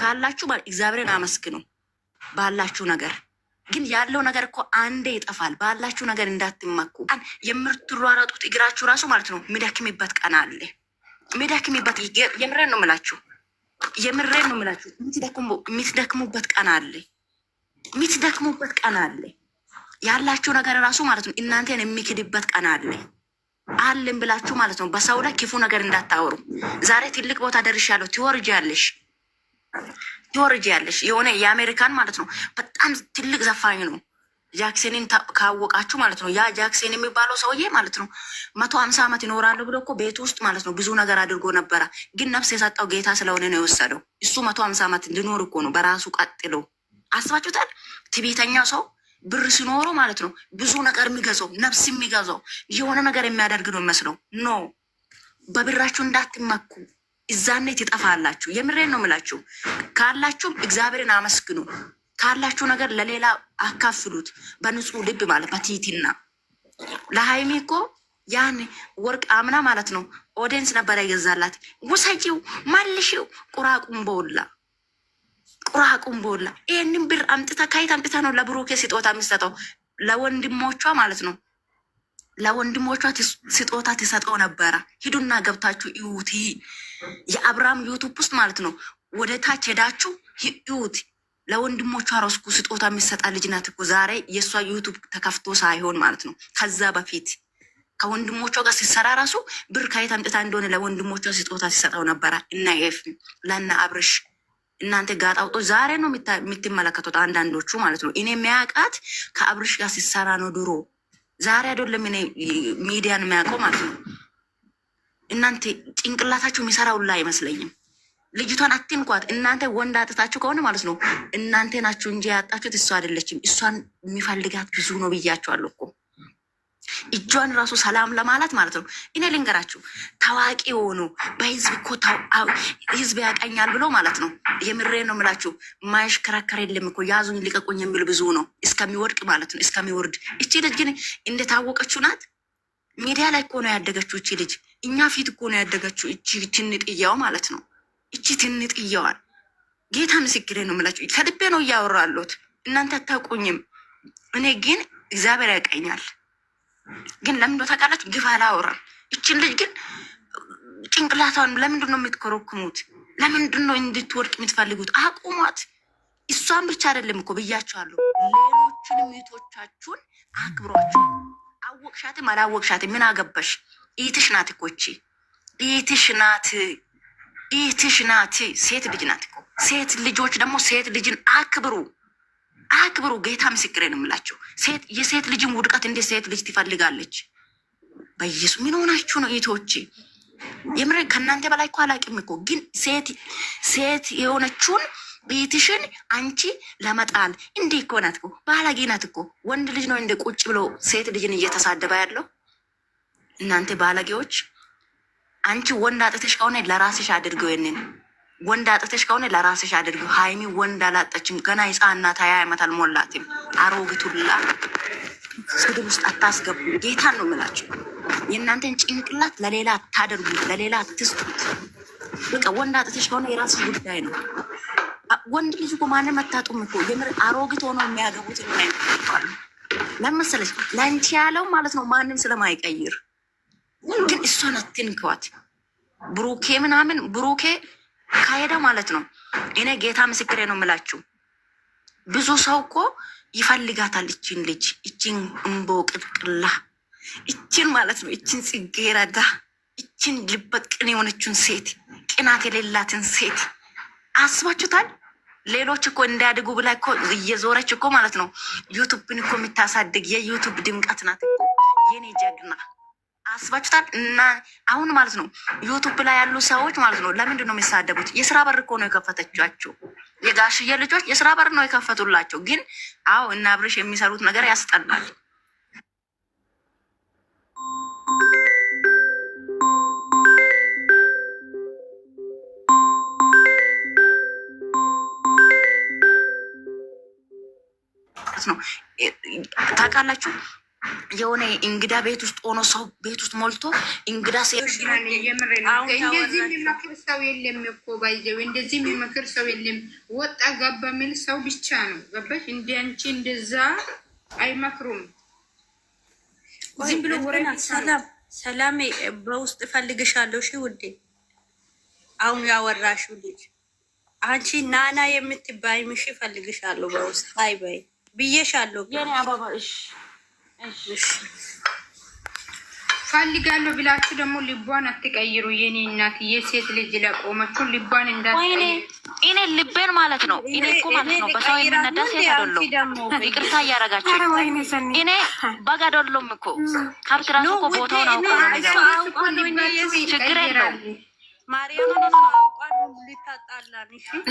ካላችሁ እግዚአብሔርን አመስግኑ ባላችሁ ነገር። ግን ያለው ነገር እኮ አንዴ ይጠፋል። ባላችሁ ነገር እንዳትመኩ። የምትሯሯጡት እግራችሁ ራሱ ማለት ነው የሚደክምበት ቀን አለ። የሚደክምበት የምሬን ነው ምላችሁ፣ የምሬን ነው ምላችሁ። የምትደክሙበት ቀን አለ። የምትደክሙበት ቀን አለ። ያላችሁ ነገር ራሱ ማለት ነው እናንተን የሚክድበት ቀን አለ አለን ብላችሁ ማለት ነው። በሰው ላይ ክፉ ነገር እንዳታወሩ። ዛሬ ትልቅ ቦታ ደርሻለሁ ትወርጃለሽ። ጆርጅ ያለሽ የሆነ የአሜሪካን ማለት ነው። በጣም ትልቅ ዘፋኝ ነው። ጃክሰንን ካወቃችሁ ማለት ነው። ያ ጃክሰን የሚባለው ሰውዬ ማለት ነው መቶ ሀምሳ ዓመት ይኖራሉ ብሎ እኮ ቤት ውስጥ ማለት ነው ብዙ ነገር አድርጎ ነበረ። ግን ነፍስ የሰጠው ጌታ ስለሆነ ነው የወሰደው። እሱ መቶ ሀምሳ ዓመት እንዲኖር እኮ ነው በራሱ ቀጥሎ። አስባችሁታል? ትቤተኛ ሰው ብር ሲኖረው ማለት ነው ብዙ ነገር የሚገዛው ነፍስ የሚገዛው የሆነ ነገር የሚያደርግ ነው ይመስለው። ኖ በብራችሁ እንዳትመኩ። እዛኔ ትጠፋላችሁ። የምሬን ነው የምላችሁ። ካላችሁም እግዚአብሔርን አመስግኑ። ካላችሁ ነገር ለሌላ አካፍሉት፣ በንጹህ ልብ ማለት በትህትና። ለሀይሚ እኮ ያን ወርቅ አምና ማለት ነው ኦዲንስ ነበር ያገዛላት። ውሰጪው፣ መልሺው፣ ቁራቁም ቁራቁምቦላ። ይህንን ብር አምጥታ ከየት አምጥታ ነው ለብሩኬ ስጦታ የምትሰጠው? ለወንድሞቿ ማለት ነው ለወንድሞቿ ስጦታ ትሰጠው ነበረ። ሂዱና ገብታችሁ ይዩት። የአብርሃም ዩቱብ ውስጥ ማለት ነው። ወደ ታች ሄዳችሁ ይዩት። ለወንድሞቿ ረስኩ ስጦታ የሚሰጣ ልጅ ናት እኮ ዛሬ የእሷ ዩቱብ ተከፍቶ ሳይሆን ማለት ነው። ከዛ በፊት ከወንድሞቿ ጋር ሲሰራ ራሱ ብር ከየት አምጥታ እንደሆነ ለወንድሞቿ ስጦታ ሲሰጠው ነበረ። እና ኤፍ ለና አብርሽ እናንተ ጋጣ አውጦ ዛሬ ነው የምትመለከቱት አንዳንዶቹ ማለት ነው። እኔ የሚያውቃት ከአብርሽ ጋር ሲሰራ ነው ድሮ ዛሬ አይደለም እኔ ሚዲያን የሚያውቀው ማለት ነው። እናንተ ጭንቅላታችሁ የሚሰራው ሁላ አይመስለኝም። ልጅቷን አትንኳት እናንተ ወንድ አጥታችሁ ከሆነ ማለት ነው። እናንተ ናችሁ እንጂ ያጣችሁት እሷ አይደለችም። እሷን የሚፈልጋት ብዙ ነው ብያችኋለሁ እኮ እጇን ራሱ ሰላም ለማለት ማለት ነው። እኔ ልንገራችሁ ታዋቂ የሆኑ በህዝብ እኮ ህዝብ ያቀኛል ብሎ ማለት ነው። የምሬ ነው የምላችሁ ማሽከራከር የለም እኮ ያዙኝ ልቀቁኝ የሚሉ ብዙ ነው፣ እስከሚወድቅ ማለት ነው፣ እስከሚወርድ። እቺ ልጅ ግን እንደታወቀችው ናት። ሚዲያ ላይ እኮ ነው ያደገችው እቺ ልጅ። እኛ ፊት እኮ ነው ያደገችው እቺ ትንጥያው ማለት ነው። እቺ ትንጥያዋል። ጌታ ምስክሬ ነው የምላችሁ። ከልቤ ነው እያወራለሁት። እናንተ አታውቁኝም። እኔ ግን እግዚአብሔር ያውቀኛል። ግን ለምንድን ነው ታውቃላችሁ? ግፍ አላወራም። እችን ልጅ ግን ጭንቅላቷን ለምንድን ነው የምትኮረኩሙት? ለምንድን ነው እንድትወድቅ የምትፈልጉት? አቁሟት። እሷን ብቻ አይደለም እኮ ብያቸዋለሁ፣ ሌሎችን ሚቶቻችሁን አክብሯቸው። አወቅሻትም አላወቅሻትም ምን አገባሽ? ኢትሽ ናት እኮ እቺ ኢትሽ ናት ኢትሽ ናት። ሴት ልጅ ናት እኮ። ሴት ልጆች ደግሞ ሴት ልጅን አክብሩ፣ አክብሩ። ጌታ ምስክሬ ነው የምላቸው። ሴት የሴት ልጅን ውድቀት እንደ ሴት ልጅ ትፈልጋለች? በኢየሱስ ምን ሆናችሁ ነው ኢቶች? የምር ከእናንተ በላይ እኮ አላውቅም እኮ ግን ሴት ሴት የሆነችውን ቤትሽን አንቺ ለመጣል እንዴ እኮ ናት እኮ ባለጌ ናት እኮ። ወንድ ልጅ ነው እንደ ቁጭ ብሎ ሴት ልጅን እየተሳደበ ያለው እናንተ ባለጌዎች። አንቺ ወንድ አጥተሽ ከሆነ ለራስሽ አድርገው ይንን ወንድ አጥተሽ ከሆነ ለራስሽ አድርገው። ሀይሚ ወንድ አላጠችም ገና ሕፃን ናት፣ ሀያ ዓመት አልሞላትም። አሮግቱላ ስድብ ውስጥ አታስገቡ። ጌታን ነው የምላችሁ። የእናንተን ጭንቅላት ለሌላ አታደርጉ፣ ለሌላ አትስጡት። በቃ ወንድ አጥተሽ ከሆነ የራስሽ ጉዳይ ነው። ወንድ ልጅ እኮ ማንም አታጡም እኮ የምር አሮጊት ሆኖ የሚያገቡት ይባሉ ለአንቺ ያለው ማለት ነው። ማንም ስለማይቀይር ግን እሷን አትንከዋት። ብሩኬ ምናምን ብሩኬ ካሄደ ማለት ነው። እኔ ጌታ ምስክሬ ነው የምላችሁ ብዙ ሰው እኮ ይፈልጋታል። እችን ልጅ እችን እንቦ ቅጥቅላ እችን ማለት ነው እችን ጽጌረዳ እችን ልበ ቅን የሆነችን ሴት ቅናት የሌላትን ሴት አስባችሁታል። ሌሎች እኮ እንዳድጉ ብላ እኮ እየዞረች እኮ ማለት ነው ዩቱብን እኮ የምታሳድግ የዩቱብ ድምቀት ናት እኮ የኔ ጀግና። አስባችሁታል? እና አሁን ማለት ነው ዩቱብ ላይ ያሉ ሰዎች ማለት ነው ለምንድን ነው የሚሳደቡት? የስራ በር እኮ ነው የከፈተቻቸው። የጋሽዬ ልጆች የስራ በር ነው የከፈቱላቸው። ግን አዎ እና አብርሽ የሚሰሩት ነገር ያስጠላል። ማለት ነው። ታውቃላችሁ የሆነ እንግዳ ቤት ውስጥ ሆኖ ሰው ቤት ውስጥ ሞልቶ እንግዳ ሴእንደዚህ የሚመክር ሰው የለም እኮ ባይዘው፣ እንደዚህ የሚመክር ሰው የለም። ወጣ ገባ የሚል ሰው ብቻ ነው። ገባሽ? እንደ አንቺ እንደዛ አይመክሩም። ዝም ብሎ ሰላም ሰላሜ፣ በውስጥ እፈልግሻለሁ። እሺ ውዴ፣ አሁን ያወራሽው ልጅ አንቺ ናና የምትባይ ምሽ እፈልግሻለሁ በውስጥ ባይ ባይ ብዬሻለሁ። ፈልጋለሁ ብላችሁ ደግሞ ልቧን አትቀይሩ። የኔ እናት የሴት ልጅ ለቆመችሁ ልቧን እንዳትቀይሩ። እኔ ልቤን ማለት ነው። እኔ እኮ ማለት ነው በሰው የምነዳ ሴት አይደለሁም። ይቅርታ እያረጋችሁ እኔ በግ አይደለሁም እኮ ከብት ራሱ እኮ ቦታውን አውቃ ችግር የለው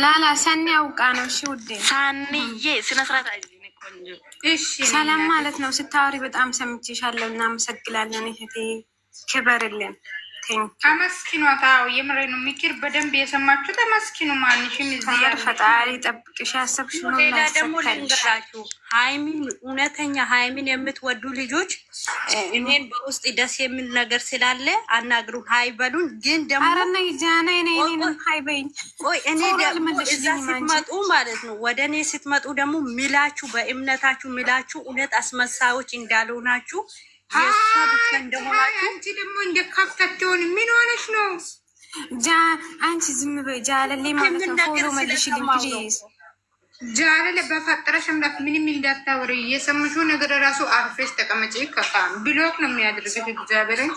ላላ ሰኒ አውቃ ነው። እሺ ውዴ ሰኒዬ ስነስርዓት ሰላም ማለት ነው። ስታወሪ በጣም ሰምቼሻለሁ። እናመሰግናለን እህቴ፣ ክበርልን። አመስኪኑ አታው አዎ የምሬ ነው። ምክር በደንብ የሰማችሁ ተመስኪኑ። ማንሽም እዚያ ፈጣሪ ጠብቅሽ። ያሰብሽ ነው። ሌላ ደግሞ ልንገራችሁ፣ ሀይሚን እውነተኛ ሀይሚን የምትወዱ ልጆች እኔን በውስጥ ደስ የሚል ነገር ስላለ አናግሩ፣ ሀይ በሉን። ግን ደግሞ ቆይ እኔ ደግሞ እዛ ስትመጡ ማለት ነው ወደ እኔ ስትመጡ ደግሞ ሚላችሁ በእምነታችሁ ሚላችሁ እውነት አስመሳዮች እንዳልሆናችሁ አንቺ ደግሞ እንደ ካፍታቸውን ምን ሆነሽ ነው? አንቺ ዝም በይ ጃለሌ ማለት ነው። ፎሎ መልሽልኝ ፕሊዝ ጃለለ በፈጠረሽ አምላክ ምንም እንዳታወሪ፣ የሰምሽው ነገር ራሱ አርፌሽ ተቀመጪ። ከካም ብሎክ ነው የሚያደርግሽ። እግዚአብሔርን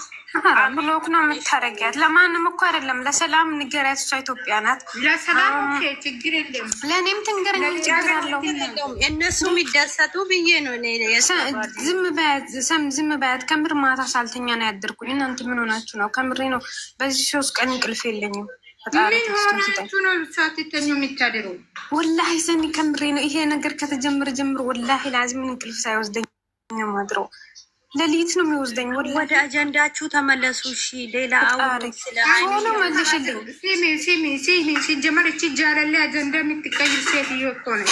ብሎክ ነው የምታደርጊያት። ለማንም እኮ አይደለም፣ ለሰላም ንገሪያት። እሷ ኢትዮጵያ ናት። ለሰላም ችግር የለም። ለእኔም ትንገረኝ፣ ችግር አለው። እነሱ የሚደሰቱ ብዬ ነው። ዝም በያት፣ ዝም በያት። ከምር ማታ ሳልተኛ ነው ያደርኩኝ። እናንተ ምን ሆናችሁ ነው? ከምሬ ነው። በዚህ ሶስት ቀን እንቅልፍ የለኝም። ወላሂ ሰኒ ከምሬ ነው። ይሄ ነገር ከተጀመረ ጀምሮ ወላሂ ላዚም እንቅልፍ ሳይወስደኝ ማድረው ሌሊት ነው የሚወስደኝ። ወደ አጀንዳችሁ ተመለሱ። እሺ ሌላ አሁኑ መልሽልኝ። ሲጀመር እቺ ጃለሌ አጀንዳ የምትቀይር ሴትዮ እኮ ነው።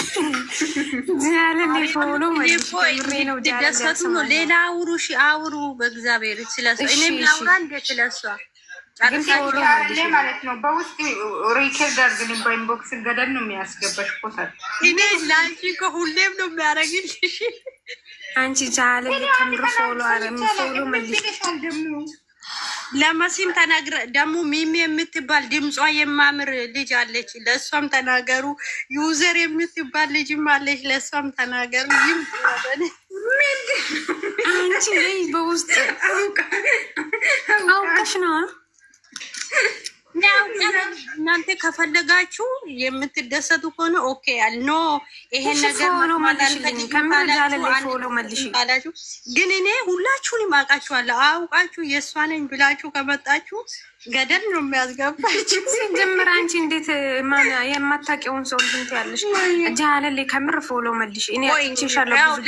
ጃለሌ ሆኖ ነው። ሌላ አውሩ፣ እሺ አውሩ። በእግዚአብሔር ስለሷ እኔም ላውራ እንዴ ስለሷ ጫለ ማለት ነው። በውስጥ ሪከርድ አድርግልኝ በኢንቦክስ ገደል ነው የሚያስገባሽ ኮታል እኔ ለአንቺ ከሁሌም ነው የሚያደርግልሽ። አንቺ ቻለ ከምር ለመሲም ተናግረ ደግሞ ሚሚ የምትባል ድምጿ የማምር ልጅ አለች። ለእሷም ተናገሩ። ዩዘር የምትባል ልጅም አለች። ለእሷም ተናገሩ። ይም በውስጥ አውቀሽ ነው እናንተ ከፈለጋችሁ የምትደሰቱ ከሆነ ኦኬ አልኖ ይሄን ነገር ካላችሁ፣ ግን እኔ ሁላችሁንም አውቃችኋለሁ። አውቃችሁ የእሷ ነኝ ብላችሁ ከመጣችሁ ገደል ነው የሚያስገባችሁ። ጀምር አንቺ እንዴት የማታውቂውን ሰው ንት ያለሽ ጃለሌ ከምር ፎሎ መልሽ።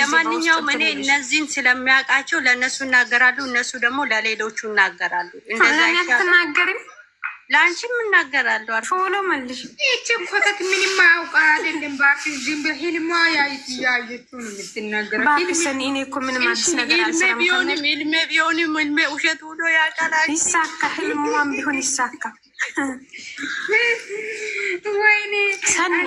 ለማንኛውም እኔ እነዚህን ስለሚያውቃቸው ለእነሱ እናገራሉ፣ እነሱ ደግሞ ለሌሎቹ እናገራሉ። እንደዛ ትናገርም ለአንቺ የምናገራለሁ አልፎ ብሎ መልሽ። ይቺ ኮተት ምንም አያውቃ አይደለም። እባክሽ ዝም ብለሽ ህልሟ ያየችው ነው የምትናገረው። እባክሽን እኔ እኮ ምንም አዲስ ነገር አልሰራም። ቢሆንም ህልሜ ቢሆንም ህልሜ ውሸት ውሎ ያቀላል። ይሳካ፣ ህልሟም ቢሆን ይሳካ። ወይኔ ሰኒ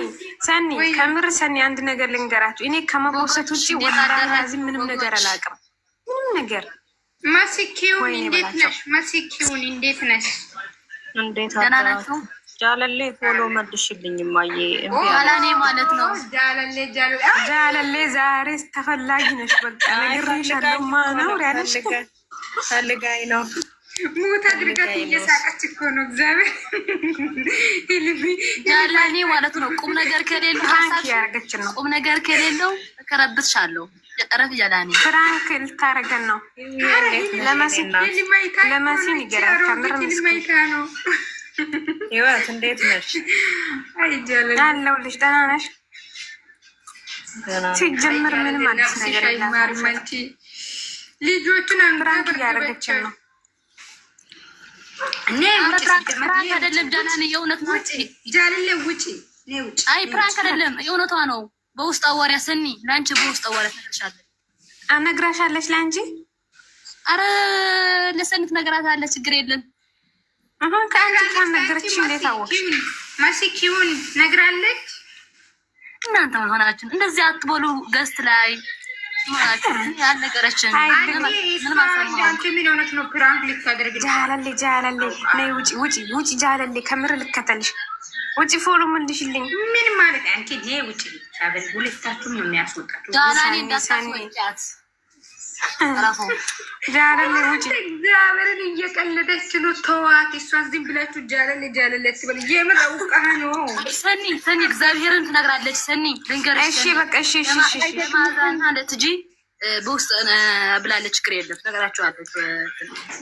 ሰኒ፣ ከምር ሰኒ፣ አንድ ነገር ልንገራችሁ። እኔ ከመቦሰት ውጭ ወራራዚ ምንም ነገር አላውቅም። ምንም ነገር መስኪውን፣ እንዴት ነሽ? መስኪውን፣ እንዴት ነሽ? እንዴት አደራችሁ? ጃለሌ ፎሎ መልሽልኝ ማዬ ጃለሌ ማለት ነው። ጃለሌ ዛሬ ተፈላጊ ነሽ። በቃ ነግሬሻለሁ። ማነው ፈልጋኝ ነው ሞት አድርጋት እየሳቀች እኮ ነው። እግዚአብሔር ማለት ነው። ቁም ነገር ከሌለው ቁም ነገር ከሌለው እከረብትሻለሁ። ረፍ እያላኔ ፍራንክ ልታረገን ነው። ልጅ ሲጀምር ምንም አዲስ ነገር ልጆቹን አንብራ ያደረገችን ነው ፕራንክ አይ ፕራንክ አይደለም የእውነቷ ነው። በውስጥ አዋሪያ ሰኒ ለአንቺ በውስጥ አዋሪያ ትነግርሻለች፣ አነግራሻለች ለአንቺ። አረ ለሰኒት ነገራት አለ ችግር የለም። አሁን ከአንቺ ካነገረች እንዴት አወቅሽ? ማሲኪውን ነግራለች። እናንተ መሆናችን እንደዚህ አትበሉ ገስት ላይ ጃለሌ ጃለሌ ነይ ውጪ ውጪ ውጪ ጃለሌ ከምር ልከተልሽ ውጪ ፎሎ ምልሽልኝ ምን ማለት አንቺ ውጪ ሁለታችሁም ነው የሚያስወጣት እግዚአብሔርን እየቀለደች ነው። ተዋት። እሷን ዝም ብላችሁ ጃለል ጃለል ትበል። የምር አውቃህ ነው ሰኒ ሰኒ እግዚአብሔርን ትነግራለች። ሰኒ ልንገርሽ ትጂ በውስጥ ብላለች። ችግር የለም ነገራችኋለች።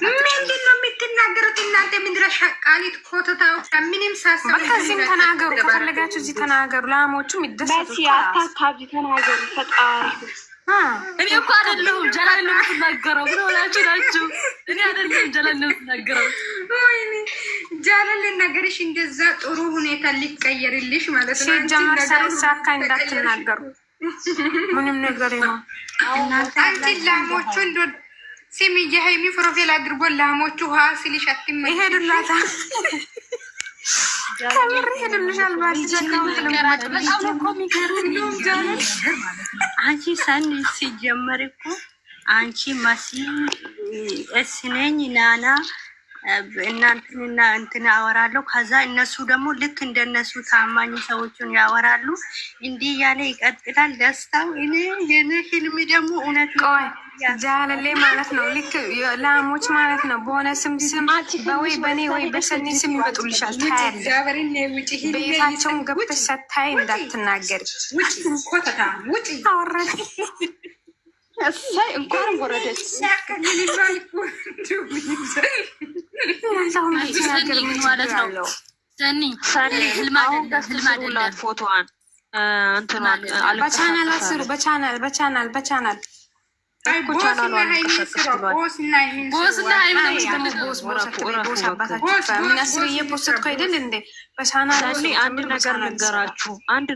ምንድን ነው የምትናገሩት እናንተ? ምንድረ ሻቃሊት ኮተታዎች ምንም ሳሰብ ከዚህም ተናገሩ። ከፈለጋችሁ እዚህ ተናገሩ። ላሞቹም ይደሰቱ። ተናገሩ ፈጣሪ እኔ እኮ አይደለሁም ጀላል ነው የምትናገረው። ምን ሆናችሁ ናችሁ? እኔ አይደለሁም ጀላል ነው የምትናገረው። ጀላል ነገርሽ እንደዛ ጥሩ ሁኔታ ሊቀየርልሽ ማለት ነው። ጀመር ሳይሳካ እንዳትናገሩ ምንም ነገር ነው። አንቺ ላሞቹ እንዶ ስሚ የሀይሚ ፕሮፌል አድርጎ ላሞቹ ውሃ ሲልሽ አትመ ይሄዱላታ ከምር ሄድልሻል። አንቺ ሰን ሲጀመር እኮ አንቺ መሲ እስነኝ ናና እናንትንና እንትን ያወራለሁ። ከዛ እነሱ ደግሞ ልክ እንደነሱ ታማኝ ሰዎችን ያወራሉ። እንዲህ ያለ ይቀጥላል ደስታው። እኔ የኔ ህልም ደግሞ እውነት ነው። ጃለሌ ማለት ነው። ልክ ላሞች ማለት ነው። በሆነ ስም ስም በወይ በኔ ወይ በሰኒ ስም ይመጡልሻል። ታያለሽ። ቤታቸውን ገብተሽ ሰታይ እንዳትናገር አወረደ እንኳን ፎቶዋን በቻናል አስሩ። በቻናል በቻናል በቻናል አንድ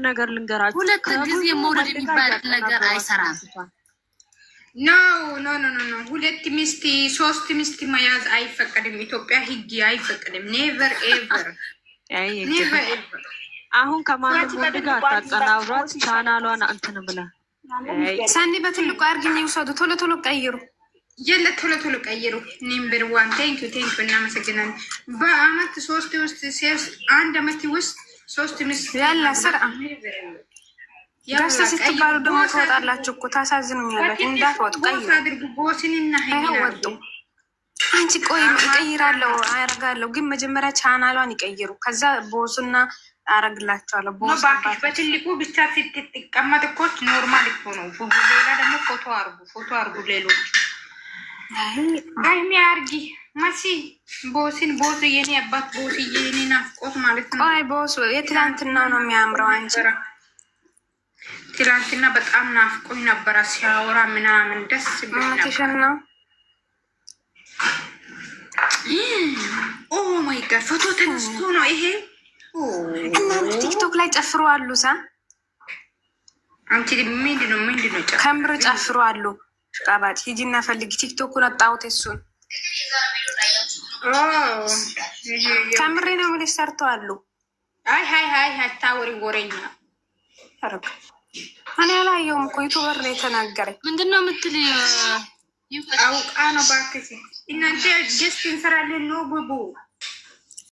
ነገር ልንገራችሁ፣ ሁለት ጊዜ የሚባል ነገር አይሰራም። ኖ ኖ ኖ ኖ ሁለት ሚስት ሶስት ሚስት መያዝ አይፈቀድም። ኢትዮጵያ ህግ አይፈቀድም። ኔቨር ኤቨር። አሁን ከማንም ወንድ ጋር ታቀናብራት ቻናሏን እንትን ብላ ሳኒ በትልቁ አርግኝ ውሰዱ። ቶሎ ቶሎ ቀይሩ የለ ቶሎ ቶሎ ቀይሩ። ኒምበር ዋን ቴንክ ዩ ቴንክ ዩ እናመሰግናለን። በአመት ሶስት ውስጥ አንድ አመት ውስጥ ሶስት ምስ ያላ ስራ ደስ ስትባሉ ደግሞ ትወጣላችሁ እኮ ታሳዝኑኛላችሁ። እንዳትወጡ ቀይሩ አድርጉ። ቦስንና ወጡ አንቺ ቆይ እቀይራለሁ አያረጋለሁ ግን መጀመሪያ ቻናሏን ይቀይሩ። ከዛ ቦሱና አረግላቸዋለሁ። በትልቁ ብቻ ስትቀመጥ እኮ ኖርማል እኮ ነው። ሌላ ደግሞ ፎቶ አርጉ፣ ፎቶ አርጉ። ሌሎች ሀይሚ አርጊ መሲ ቦሲን ቦስ የኔ አባት ቦስ የኔ ናፍቆት ማለት ነው። አይ ቦስ የትላንትና ነው የሚያምረው። አንቺ ትላንትና በጣም ናፍቆኝ ነበረ ሲያወራ ምናምን ደስ ብሽን ነው። ኦ ማይ ጋድ ፎቶ ተነስቶ ነው ይሄ እናንተ ቲክቶክ ላይ ጨፍሮ አሉ ሳ አንቺ ነው ከምር ጨፍሮ አሉ። ሽቃባጭ ሂጂና ፈልጊ። ቲክቶኩን አጣሁት እሱን ከምሬ ነው የምልሽ። ሰርቶ አሉ። አይ ሀይ ሀይ አታወሪ ወሬኛ እኔ አላየሁም እኮ ዩቱበር ነው የተናገረኝ። ምንድን ነው የምትል አውቃ ነው። እባክሽ እናንተ ጀስት እንሰራለን ነው